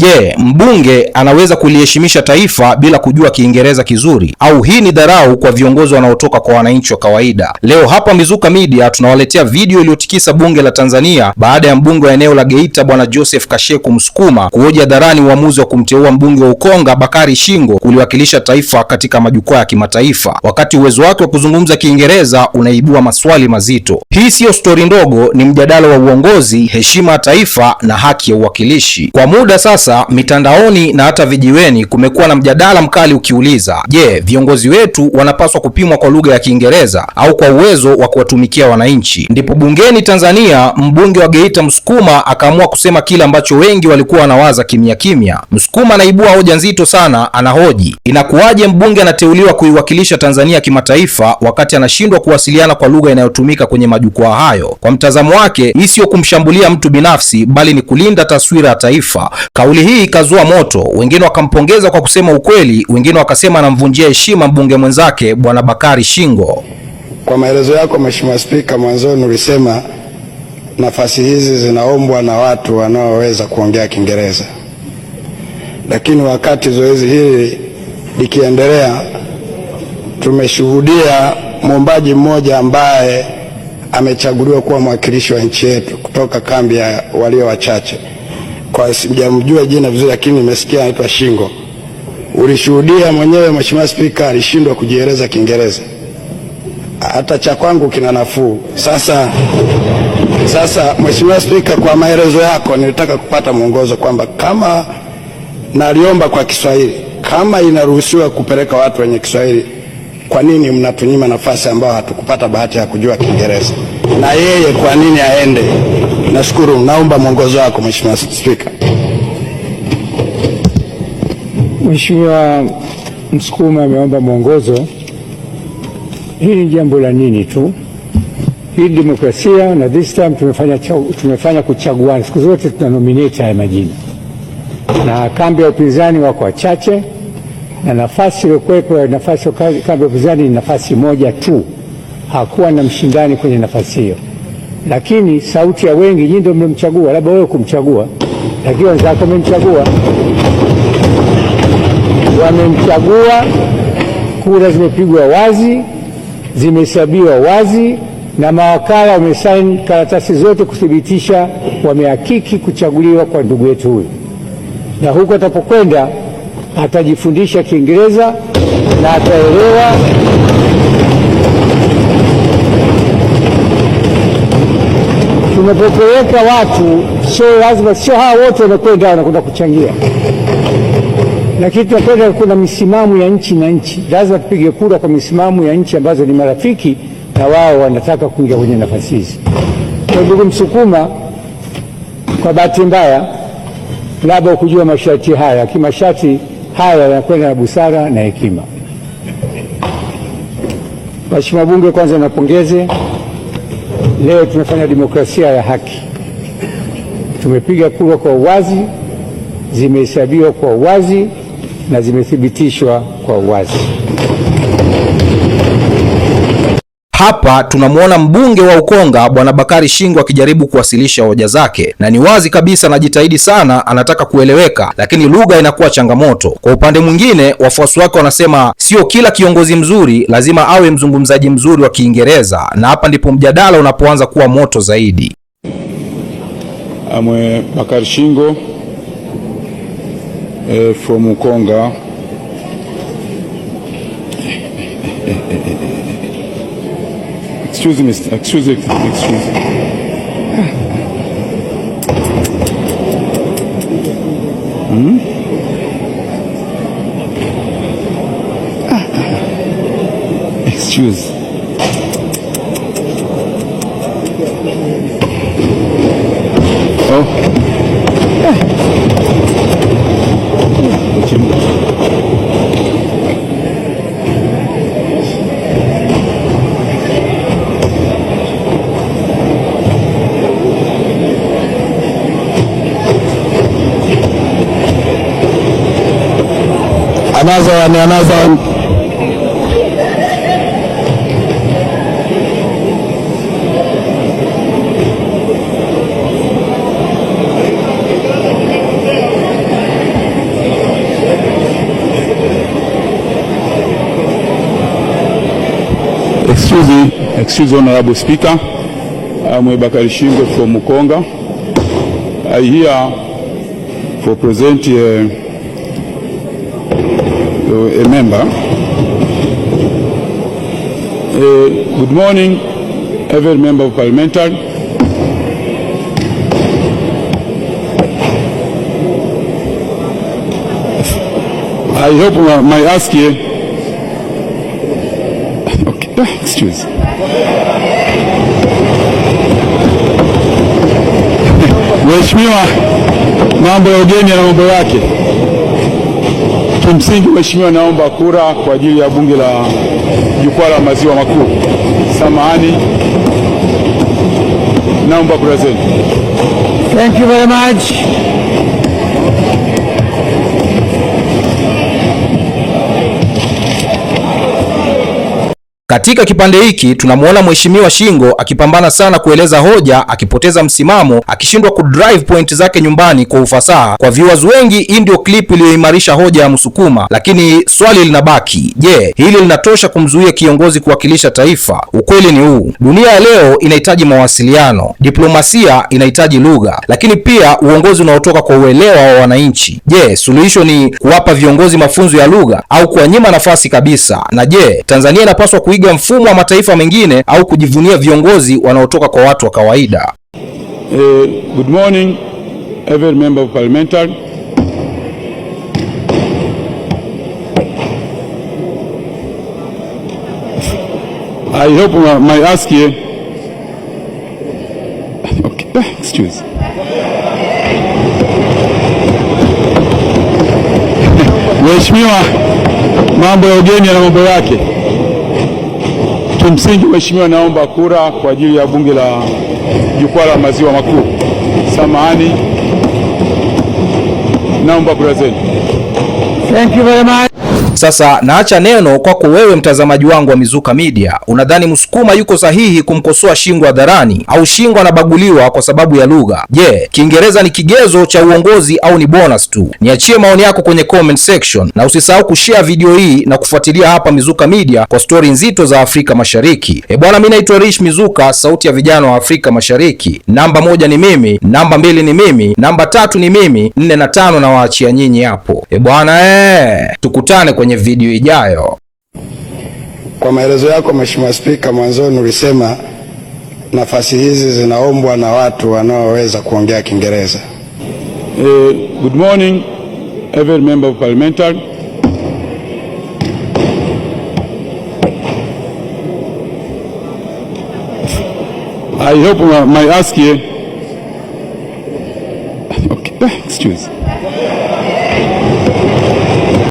Je, mbunge anaweza kuliheshimisha taifa bila kujua Kiingereza kizuri au hii ni dharau kwa viongozi wanaotoka kwa wananchi wa kawaida? Leo hapa Mizuka Media tunawaletea video iliyotikisa bunge la Tanzania baada ya mbunge wa eneo la Geita Bwana Joseph Kasheku Msukuma kuoja hadharani uamuzi wa kumteua mbunge wa Ukonga Bakari Shingo kuliwakilisha taifa katika majukwaa ya kimataifa, wakati uwezo wake wa kuzungumza Kiingereza unaibua maswali mazito. Hii siyo stori ndogo, ni mjadala wa uongozi, heshima ya taifa na haki ya uwakilishi. Kwa muda sasa sasa mitandaoni na hata vijiweni kumekuwa na mjadala mkali ukiuliza, je, viongozi wetu wanapaswa kupimwa kwa lugha ya Kiingereza au kwa uwezo wa kuwatumikia wananchi? Ndipo bungeni Tanzania, mbunge wa Geita Msukuma akaamua kusema kile ambacho wengi walikuwa wanawaza kimya kimya. Msukuma anaibua hoja nzito sana, anahoji inakuwaje mbunge anateuliwa kuiwakilisha Tanzania kimataifa wakati anashindwa kuwasiliana kwa lugha inayotumika kwenye majukwaa hayo. Kwa mtazamo wake, hii sio kumshambulia mtu binafsi, bali ni kulinda taswira ya taifa. Kauli Kauli hii ikazua moto, wengine wakampongeza kwa kusema ukweli, wengine wakasema anamvunjia heshima mbunge mwenzake Bwana Bakari Shingo. Kwa maelezo yako Mheshimiwa Spika, mwanzoni ulisema nafasi hizi zinaombwa na watu wanaoweza kuongea Kiingereza, lakini wakati zoezi hili likiendelea, tumeshuhudia mwombaji mmoja ambaye amechaguliwa kuwa mwakilishi wa nchi yetu kutoka kambi ya walio wachache kwa sijamjua jina vizuri, lakini nimesikia anaitwa Shingo. Ulishuhudia mwenyewe Mheshimiwa Spika, alishindwa kujieleza Kiingereza, hata cha kwangu kina nafuu. Sasa, sasa Mheshimiwa Spika, kwa maelezo yako nilitaka kupata mwongozo kwamba kama naliomba kwa Kiswahili, kama inaruhusiwa kupeleka watu wenye Kiswahili, kwa nini mnatunyima nafasi ambayo hatukupata bahati ya kujua Kiingereza? Na yeye kwa nini aende? Nashukuru, naomba mwongozo wako Mheshimiwa Spika. Mheshimiwa Msukuma ameomba mwongozo. Hii ni jambo la nini tu, hii demokrasia, na this time tumefanya, tumefanya kuchaguana. Siku zote tuna nominate haya majina, na kambi ya upinzani wako wachache, na nafasi iliyokuwepo ya nafasi kambi ya upinzani ni nafasi moja tu, hakuwa na mshindani kwenye nafasi hiyo lakini sauti ya wengi, nyinyi ndio mmemchagua, labda wewe kumchagua, lakini wenzako wamemchagua, wamemchagua. Kura zimepigwa wazi, zimehesabiwa wazi, na mawakala wamesaini karatasi zote kuthibitisha wamehakiki kuchaguliwa kwa ndugu yetu huyu, na huko atapokwenda atajifundisha Kiingereza na ataelewa tunapopeleka watu sio lazima, sio hawa wote wanakwenda wanakwenda kuchangia, lakini tunakwenda, kuna misimamo ya nchi na nchi, lazima tupige kura kwa misimamo ya nchi ambazo ni marafiki na wao wanataka kuingia kwenye nafasi hizi. Kwa ndugu Msukuma, kwa bahati mbaya labda ukujua masharti haya, lakini masharti haya yanakwenda na busara na hekima. Mheshimiwa wabunge kwanza napongeze Leo tumefanya demokrasia ya haki, tumepiga kura kwa uwazi, zimehesabiwa kwa uwazi na zimethibitishwa kwa uwazi. Hapa tunamwona mbunge wa Ukonga Bwana Bakari shingo akijaribu kuwasilisha hoja zake, na ni wazi kabisa anajitahidi sana, anataka kueleweka, lakini lugha inakuwa changamoto. Kwa upande mwingine, wafuasi wake wanasema sio kila kiongozi mzuri lazima awe mzungumzaji mzuri wa Kiingereza, na hapa ndipo mjadala unapoanza kuwa moto zaidi. Amwe Bakari shingo eh, from Ukonga Excuse me, excuse me, excuse me. Hmm? Excuse. Oh. another one, another one. Excuse me, excuse Honorable Speaker. I'm Bakari Shingo from Mukonga. I here for present uh, uh, eh, a member. Uh, good morning, every member of parliament. I hope my, my ask here. Okay. Excuse. Mheshimiwa mambo ya ugeni na mambo yake. Kimsingi mheshimiwa, naomba kura kwa ajili ya bunge la jukwaa la maziwa makuu. Samahani, naomba kura zenu. Thank you very much. Katika kipande hiki tunamwona Mheshimiwa Shingo akipambana sana kueleza hoja, akipoteza msimamo, akishindwa kudrive point zake nyumbani kwa ufasaha. Kwa viewers wengi, hii ndio clip iliyoimarisha hoja ya Msukuma, lakini swali linabaki, je, yeah, hili linatosha kumzuia kiongozi kuwakilisha taifa? Ukweli ni huu, dunia ya leo inahitaji mawasiliano, diplomasia inahitaji lugha, lakini pia uongozi unaotoka kwa uelewa wa wananchi. Je, yeah, suluhisho ni kuwapa viongozi mafunzo ya lugha au kuwanyima nafasi kabisa? Na je, yeah, Tanzania inapaswa kuiga kuiga mfumo wa mataifa mengine au kujivunia viongozi wanaotoka kwa watu wa kawaida. Uh, good morning every member of parliament. I hope my ask here. Okay, excuse. Mheshimiwa mambo ya ugeni na mambo yake. Kimsingi mheshimiwa, naomba kura kwa ajili ya bunge la jukwaa la maziwa makuu. Samahani, naomba kura zenu. Thank you very much. Sasa naacha neno kwako wewe, mtazamaji wangu wa Mizuka Media. Unadhani Msukuma yuko sahihi kumkosoa Shingwa hadharani au Shingwa anabaguliwa kwa sababu ya lugha? Je, yeah, Kiingereza ni kigezo cha uongozi au ni bonus tu? Niachie maoni yako kwenye comment section na usisahau kushare video hii na kufuatilia hapa Mizuka Media kwa stori nzito za Afrika Mashariki. E bwana, mimi naitwa Rich Mizuka, sauti ya vijana wa Afrika Mashariki. Namba moja ni mimi, namba mbili ni mimi, namba tatu ni mimi, nne na tano na waachia nyinyi hapo. E bwana, ee, tukutane kwenye kwenye video ijayo. Kwa maelezo yako Mheshimiwa Spika, mwanzoni ulisema nafasi hizi zinaombwa na watu wanaoweza kuongea Kiingereza. Uh, good morning every member of parliament. I hope my ask here. Okay, excuse